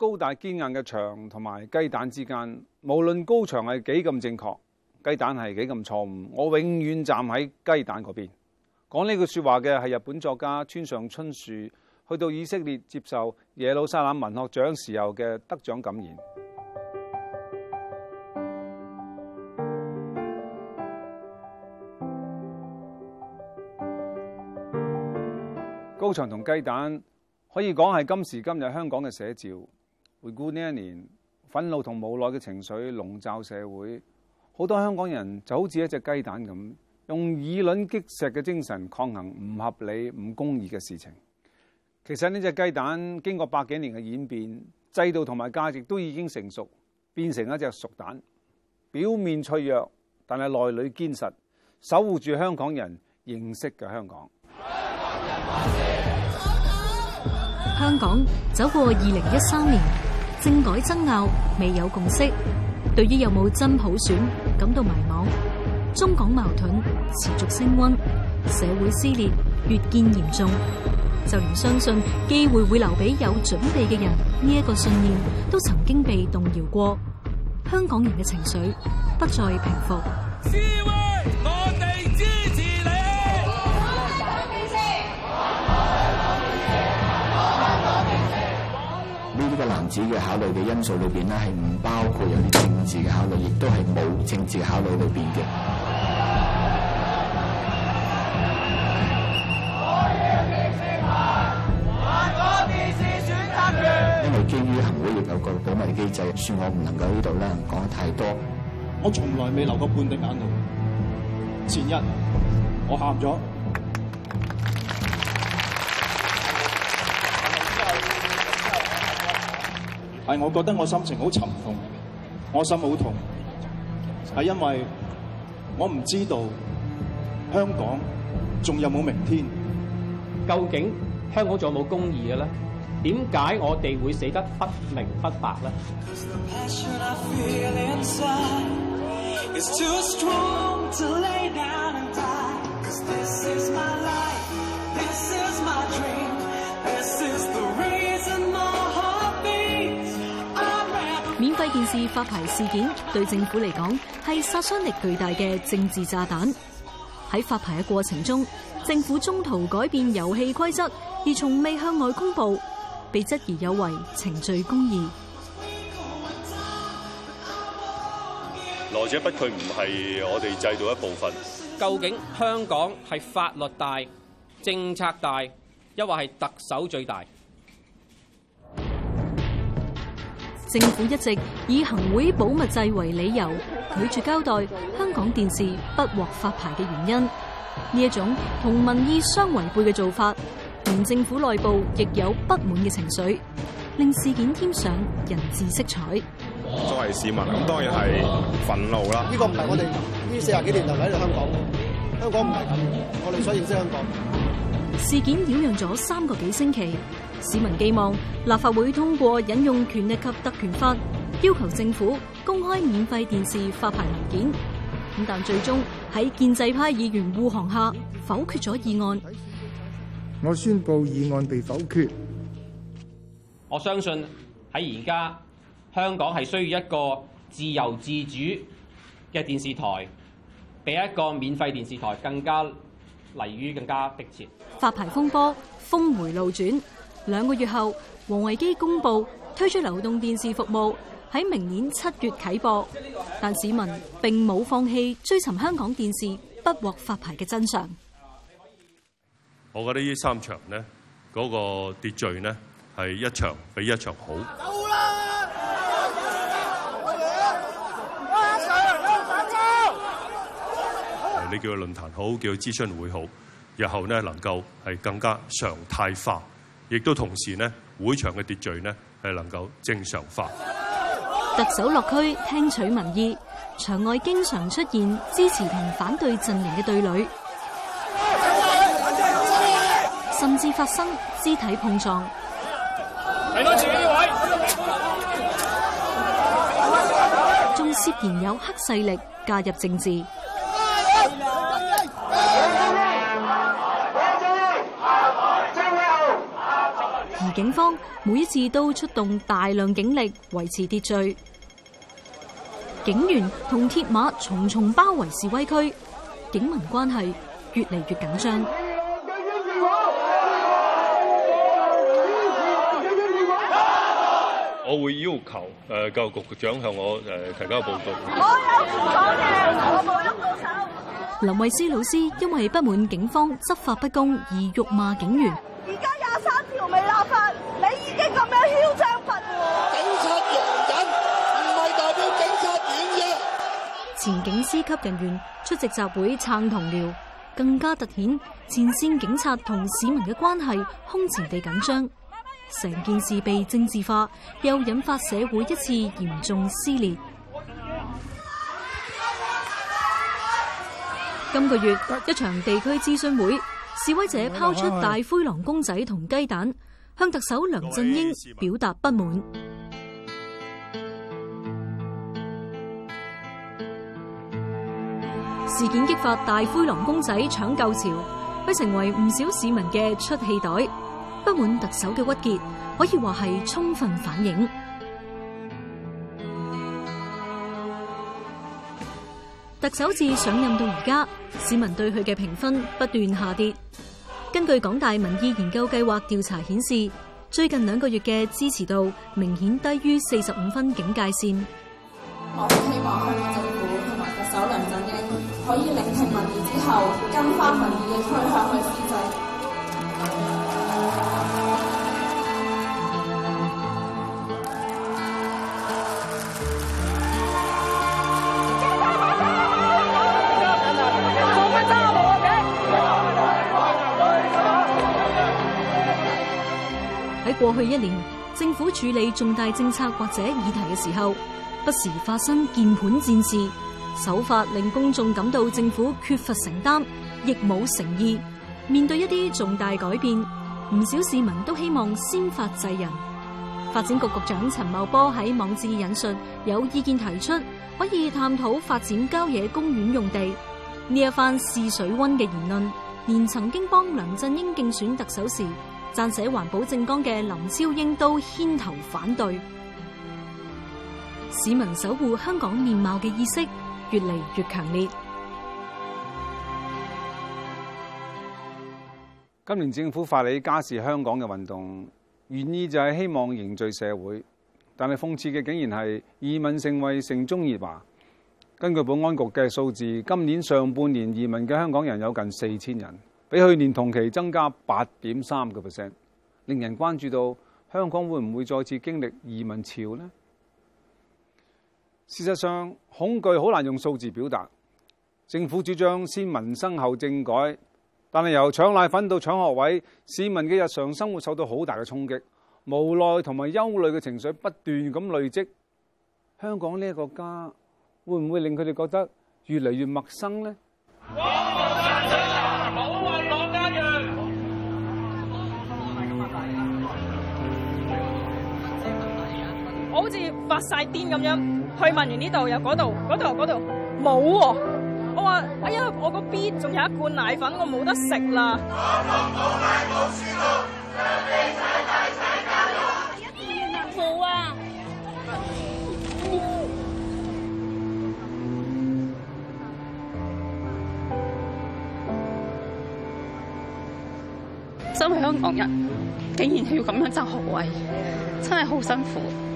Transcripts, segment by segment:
高大堅硬嘅牆同埋雞蛋之間，無論高牆係幾咁正確，雞蛋係幾咁錯誤，我永遠站喺雞蛋嗰邊。講呢句說話嘅係日本作家村上春樹，去到以色列接受耶路撒冷文學獎時候嘅得獎感言。高牆同雞蛋可以講係今時今日香港嘅寫照。回顧呢一年，憤怒同無奈嘅情緒籠罩社會，好多香港人就好似一隻雞蛋咁，用以卵擊石嘅精神抗衡唔合理、唔公義嘅事情。其實呢隻雞蛋經過百幾年嘅演變，制度同埋價值都已經成熟，變成一隻熟蛋，表面脆弱，但係內裏堅實，守護住香港人認識嘅香港。香港，香港，香港，香港走過二零一三年。政改爭拗，未有共識，對於有冇真普選，感到迷茫。中港矛盾持續升溫，社會撕裂越見嚴重。就連相信，機會會留畀有準備嘅人，呢個信念都曾經被動搖過。香港人嘅情緒，不再平復。男子嘅考慮嘅因素裏邊咧，係唔包括有啲政治嘅考慮，亦都係冇政治考慮裏邊嘅。因為基於行會亦有個保密機制，恕我唔能夠呢度咧講得太多。我從來未流過半滴眼淚。前日，我喊咗。但係我覺得我心情好沉痛，我心好痛，係因為我唔知道香港仲有冇明天，究竟香港仲有冇公義嘅咧？點解我哋會死得不明不白咧？件事發牌事件對政府嚟講係殺傷力巨大嘅政治炸彈。喺發牌嘅過程中，政府中途改變遊戲規則，而從未向外公布，被質疑有違程序公義。來者不拒，唔係我哋制度一部分。究竟香港係法律大、政策大，抑或係特首最大？政府一直以行會保密制為理由，拒絕交代香港電視不獲發牌嘅原因，呢一種同民意相違背嘅做法，連政府內部亦有不滿嘅情緒，令事件添上人治色彩。作為市民，咁當然係憤怒啦。呢、呢個唔係我哋呢四啊幾年嚟到香港，香港唔係咁，我哋所認識香港。嗯、事件擾攘咗三個幾星期。市民寄望立法會通過引用《權力及特權法》，要求政府公開免費電視發牌文件。咁但最終喺建制派議員護航下否決咗議案。我宣布議案被否決。我相信喺而家香港係需要一個自由自主嘅電視台，比一個免費電視台更加嚟於更加迫切。發牌風波峰回路轉。兩個月後，王維基公布推出流動電視服務，喺明年七月啟播。但市民並冇放棄追尋香港電視不獲發牌嘅真相。我覺得呢三場呢，嗰個秩序呢，係一場比一場好。你叫佢論壇好，叫佢諮詢會好，日後呢能夠係更加常態化。亦都同時咧，會場嘅秩序咧係能夠正常化。特首落區聽取民意，場外經常出現支持同反對陣營嘅對壘，甚至發生肢體碰撞，仲涉嫌有黑勢力介入政治。警方每一次都出動大量警力維持秩序，警員同鐵馬重重包圍示威區，警民關係越嚟越緊張。我會要求誒教育局長向我誒提交報告。我有講嘅，我冇收手。林慧思老師因為不滿警方執法不公而辱罵警員。警司級人員出席集會撐同僚，更加凸顯前線警察同市民嘅關係空前地緊張。成件事被政治化，又引發社會一次嚴重撕裂。今個月一場地區諮詢會，示威者拋出大灰狼公仔同雞蛋，向特首梁振英表達不滿。事件激發大灰狼公仔搶救潮，被成為唔少市民嘅出氣袋。不滿特首嘅鬱結，可以話係充分反映。 特首至上任到而家，市民對佢嘅評分不斷下跌。根據港大民意研究計劃調查顯示，最近兩個月嘅支持度明顯低於四十五分警戒線。我希望香港政府同埋特首能可以聆聽民意之後，跟翻民意嘅趨向去施政。喺過去一年，政府處理重大政策或者議題嘅時候，不時發生鍵盤戰事。手法令公眾感到政府缺乏承擔，亦冇誠意。面對一啲重大改變，唔少市民都希望先發制人。發展局局長陳茂波喺網誌引述有意見提出，可以探討發展郊野公園用地。呢一番試水温嘅言論，連曾經幫梁振英競選特首時撰寫環保政綱嘅林超英都牽頭反對。市民守護香港面貌嘅意識。越嚟越強烈。今年政府發起家是香港嘅運動，原意就係希望凝聚社會，但係諷刺嘅竟然係移民成為城中熱話啊。根據保安局嘅數字，今年上半年移民嘅香港人有近四千人，比去年同期增加八點三個 percent，令人關注到香港會唔會再次經歷移民潮呢？事實上，恐懼好難用數字表達。政府主張先民生後政改，但係由搶奶粉到搶學位，市民嘅日常生活受到好大嘅衝擊，無奈同埋憂慮嘅情緒不斷咁累積。香港呢個國家會唔會令佢哋覺得越嚟越陌生呢？我好似發晒癲咁樣。去問完呢度又嗰度，嗰度嗰度冇喎。我話：哎呀，我個 B 仲有一罐奶粉，我冇得食啦。真係辛苦啊！真係香港人，竟然要咁樣爭學位，真係好辛苦。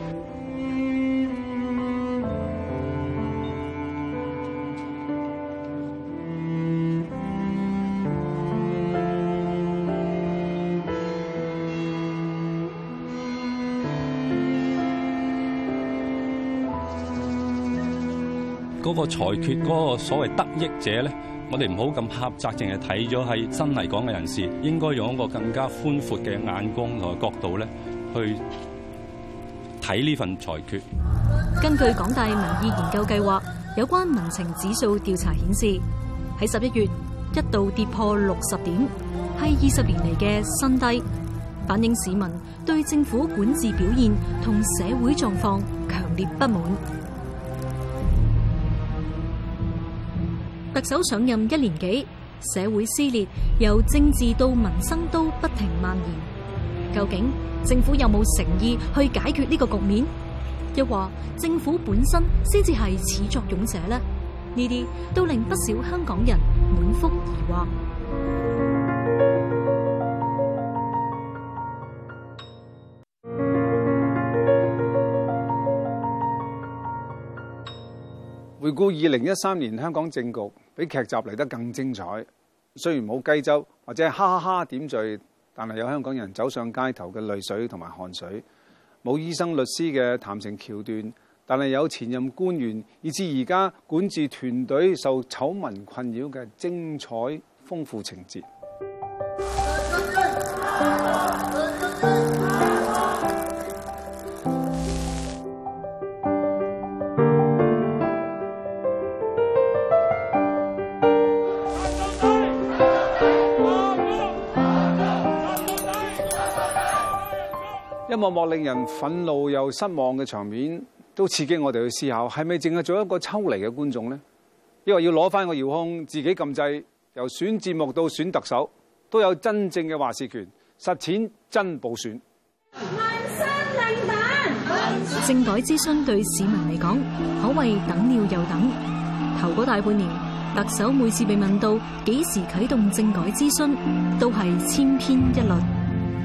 嗰個裁決嗰個所謂得益者咧，我哋唔好咁狹窄，淨係睇咗係新嚟港嘅人士，應該用一個更加寬闊嘅眼光同角度咧，去睇呢份裁決。根據港大民意研究計劃有關民情指數調查顯示，喺十一月一度跌破六十點，係二十年嚟嘅新低，反映市民對政府管治表現同社會狀況強烈不滿。首上任一年幾，社會撕裂，由政治到民生都不停蔓延，究竟政府有冇誠意去解決呢個局面？又話政府本身先至係始作俑者呢？呢啲都令不少香港人滿腹疑惑。回顧二零一三年香港政局，比劇集嚟得更精彩。雖然冇雞州或者哈哈哈點綴，但係有香港人走上街頭嘅淚水同埋汗水，冇醫生律師嘅談情橋段，但係有前任官員以至而家管治團隊受醜聞困擾嘅精彩豐富情節。莫令人憤怒又失望嘅場面，都刺激我哋去思考，係咪淨係做一個抽離嘅觀眾呢？因為要攞翻個遙控自己撳掣，由選節目到選特首，都有真正嘅話事權，實踐真普選民生。政改諮詢對市民嚟講，可謂等了又等，頭嗰大半年，特首每次被問到幾時啟動政改諮詢，都係千篇一律。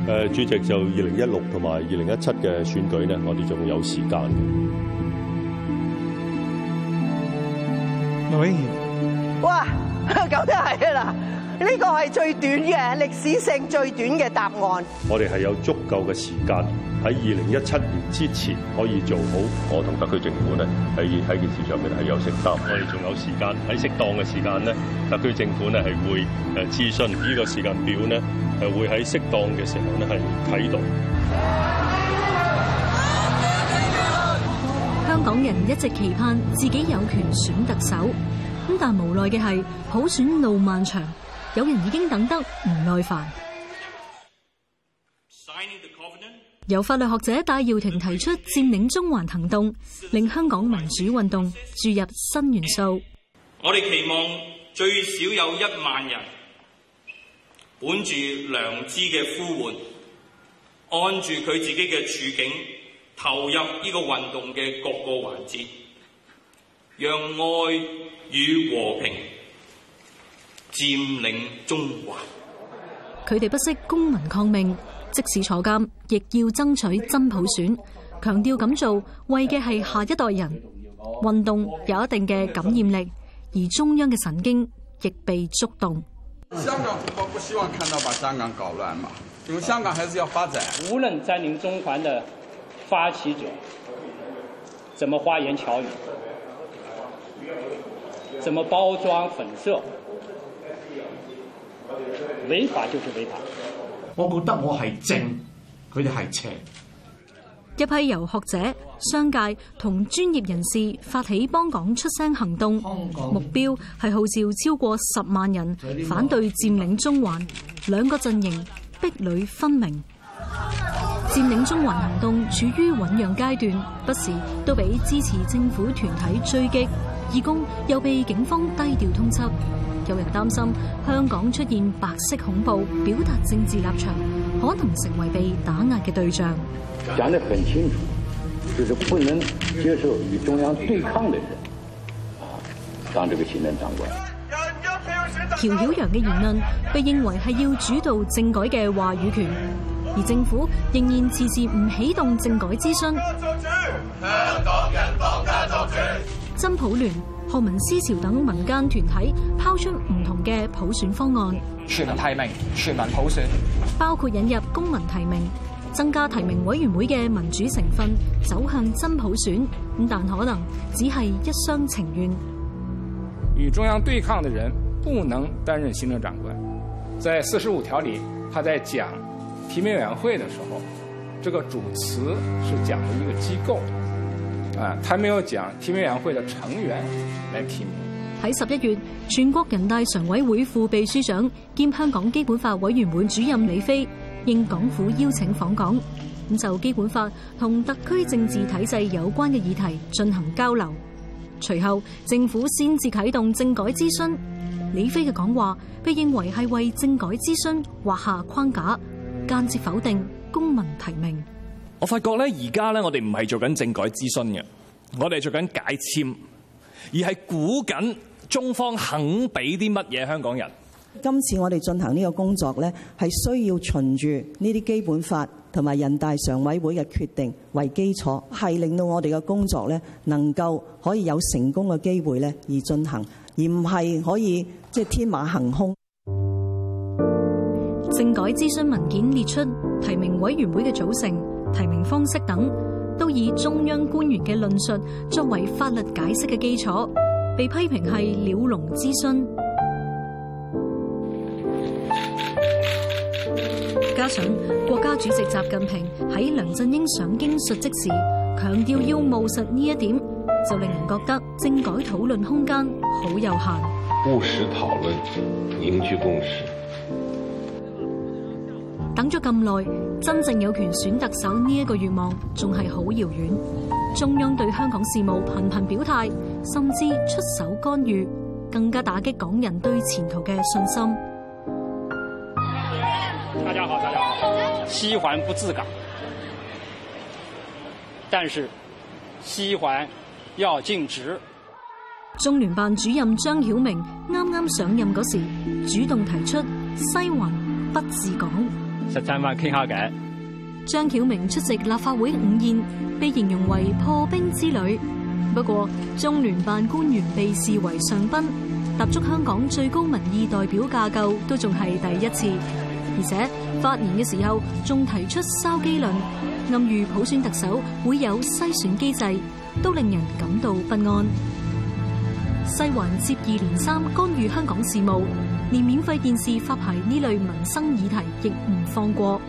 誒主席就二零一六同埋二零一七嘅選舉咧，我哋仲有時間嘅。劉英，哇，咁真係啊！呢個係最短嘅歷史性最短嘅答案。我哋係有足夠嘅時間喺二零一七年之前可以做好。我同特區政府咧喺喺件事上面係有承擔。我哋仲有時間喺適當嘅時間咧，特區政府咧係會誒諮詢呢、這個時間表咧，係會喺適當嘅時候咧係啟動。香港人一直期盼自己有權選特首，咁但係無奈嘅係普選路漫長。有人已經等得唔耐煩。由法律學者戴耀廷提出佔領中環行動，令香港民主運動注入新元素。我哋期望最少有一萬人，本住良知嘅呼喚，按住佢自己嘅處境，投入呢個運動嘅各個環節，讓愛與和平。佔領中環，佢哋不惜公民抗命，即使坐監，亦要爭取真普選，強調咁做為嘅係下一代人。運動有一定嘅感染力，而中央嘅神經亦被觸動。香港同胞不希望看到把香港搞亂嘛，因為香港還是要發展。無論佔領中環的發起者怎麼花言巧語，怎麼包裝粉飾違法叫做違法，我覺得我係正，佢哋係邪。一批由學者、商界同專業人士發起幫港出聲行動，目標係號召超過十萬人反對佔領中環。兩個陣營壁壘分明。佔領中環行動處於醞釀階,階段，不時都被支持政府團體追擊。義工又被警方低調通緝，有人擔心香港出現白色恐怖，表達政治立場可能成為被打壓嘅對象。講得很清楚，就是不能接受與中央對抗嘅人，當這呢個行政長官，喬曉陽嘅言論被認為係要主導政改嘅話語權，而政府仍然遲遲唔啟動政改諮詢。真普聯、學民思潮等民間團體拋出唔同嘅普選方案，全民提名、全民普選，包括引入公民提名，增加提名委員會嘅民主成分，走向真普選。咁但可能只係一廂情願。與中央對抗嘅人不能擔任行政長官。在四十五條裏，他在講提名委員會的時候，這個主詞是講一個機構。他沒有講提名委員會的成員來提名。喺十一月，全國人大常委會副秘書長兼香港基本法委員會主任李飛應港府邀請訪港，咁就基本法同特區政治體制有關嘅議題進行交流。隨後，政府先至啟動政改諮詢。李飛嘅講話被認為係為政改諮詢畫下框架，間接否定公民提名。我發覺咧，而家咧，我哋唔係做緊政改諮詢嘅，我哋做緊解簽，而係估緊中方肯俾啲乜嘢香港人。今次我哋進行呢個工作咧，係需要循住呢啲基本法同埋人大常委會嘅決定為基礎，係令到我哋嘅工作咧能夠可以有成功嘅機會咧而進行，而唔係可以即係、就是、天馬行空。政改諮詢文件列出提名委員會嘅組成。提名方式等都以中央官員嘅論述作為法律解釋嘅基礎，被批評係鳥籠諮詢。嗯，加上國家主席習近平喺梁振英上京述職時強調要務實呢一點，就令人覺得政改討論空間好有限。務實討論，凝聚共識。等咗咁耐，真正有權選特首呢一個願望仲係好遙遠。中央對香港事務頻頻表態，甚至出手干預，更加打擊港人對前途嘅信心。大家好，大家好，西環不治港，但是西環要盡職。中聯辦主任張曉明啱啱上任嗰時，主動提出西環不治港。實踐翻傾下嘅。張曉明出席立法會午宴，被形容為破冰之旅。不過，中聯辦官員被視為上賓，踏足香港最高民意代表架構都仲係第一次。而且發言嘅時候仲提出筲箕論，暗喻普選特首會有篩選機制，都令人感到不安。西環接二連三干預香港事務。連免費電視發牌呢類民生議題亦唔放過，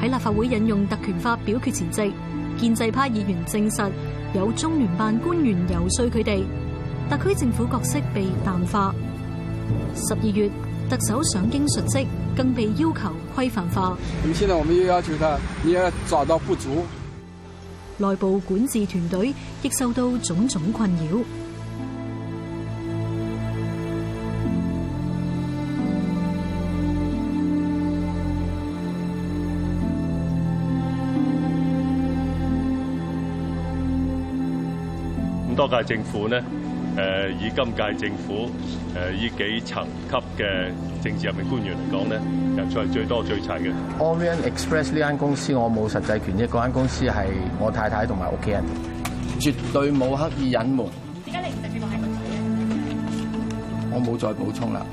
喺立法會引用特權法表決前夕，建制派議員證實有中聯辦官員遊說佢哋，特區政府角色被淡化。十二月，特首上京述職，更被要求規範化。我們現在我們又要求他，你要找到不足。內部管治團隊亦受到種種困擾。多屆政府咧，誒以今屆政府誒，依幾層級嘅政治任命官員嚟講咧，人數係最多最齊嘅。Orion Express 呢間公司我冇實際權益。嗰間公司係我太太同埋屋企人，絕對冇刻意隱瞞。點解你唔直接講係個仔咧？我冇再補充啦。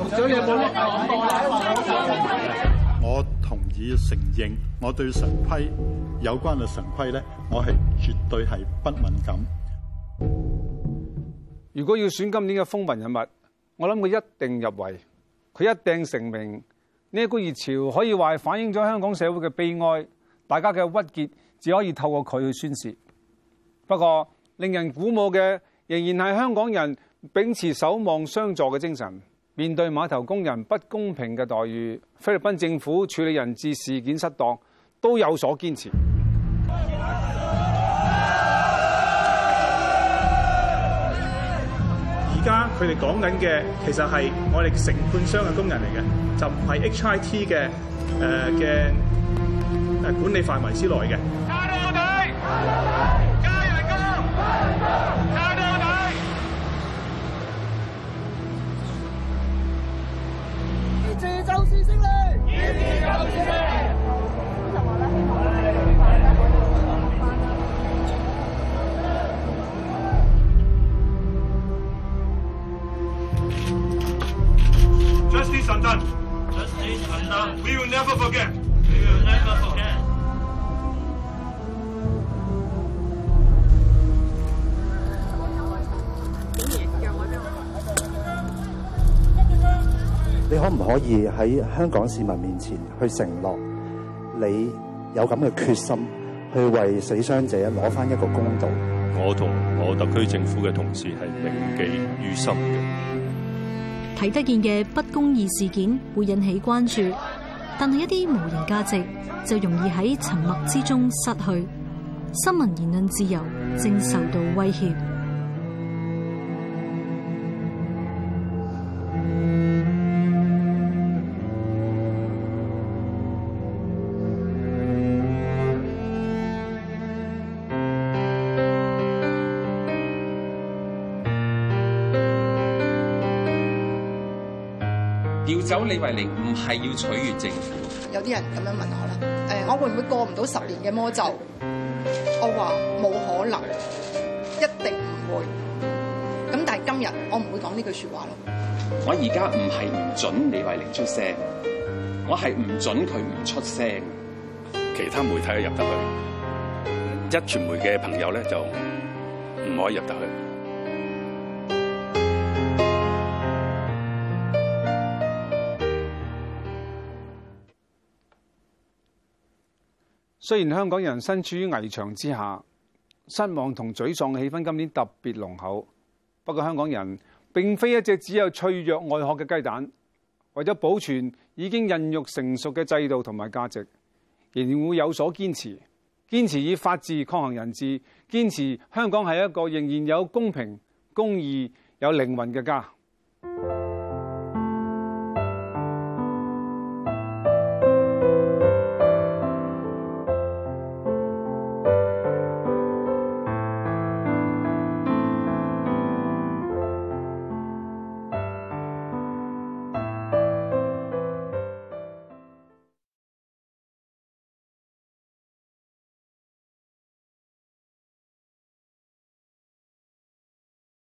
我同意承認，我對神規有關嘅常規咧，我係絕對係不敏感。如果要選今年嘅風雲人物，我諗佢一定入圍，佢一定成名，呢一股熱潮可以話反映咗香港社會嘅悲哀，大家嘅鬱結只可以透過佢去宣洩。不過令人鼓舞嘅，仍然係香港人秉持守望相助嘅精神，面對碼頭工人不公平嘅待遇、菲律賓政府處理人質事件失當都有所堅持。佢哋講緊嘅其實係我哋承判商嘅工人嚟嘅，就唔係 HIT 嘅、呃、管理範圍之內嘅。殺咗而喺香港市民面前，去承諾你有咁嘅決心，去為死傷者攞翻一個公道。我同我特區政府嘅同事係銘記於心嘅。睇得見嘅不公義事件會引起關注，但係一啲無形價值就容易喺沉默之中失去。新聞言論自由正受到威脅。有李慧玲唔係要取悅政府，有啲人咁樣問我啦，誒，我會唔會過唔到十年嘅魔咒？我話冇可能，一定唔會。咁但係今日我唔會講呢句說話咯。我而家唔係唔准李慧玲出聲，我係唔准佢唔出聲。其他媒體都入得去，一傳媒嘅朋友咧就唔可以入得去。雖然香港人身處於危牆之下，失望同沮喪嘅氣氛今年特別濃厚。不過，香港人並非一隻只有脆弱外殼嘅雞蛋，為咗保存已經孕育成熟嘅制度同埋價值，仍然會有所堅持。堅持以法治抗衡人治，堅持香港係一個仍然有公平、公義、有靈魂嘅家。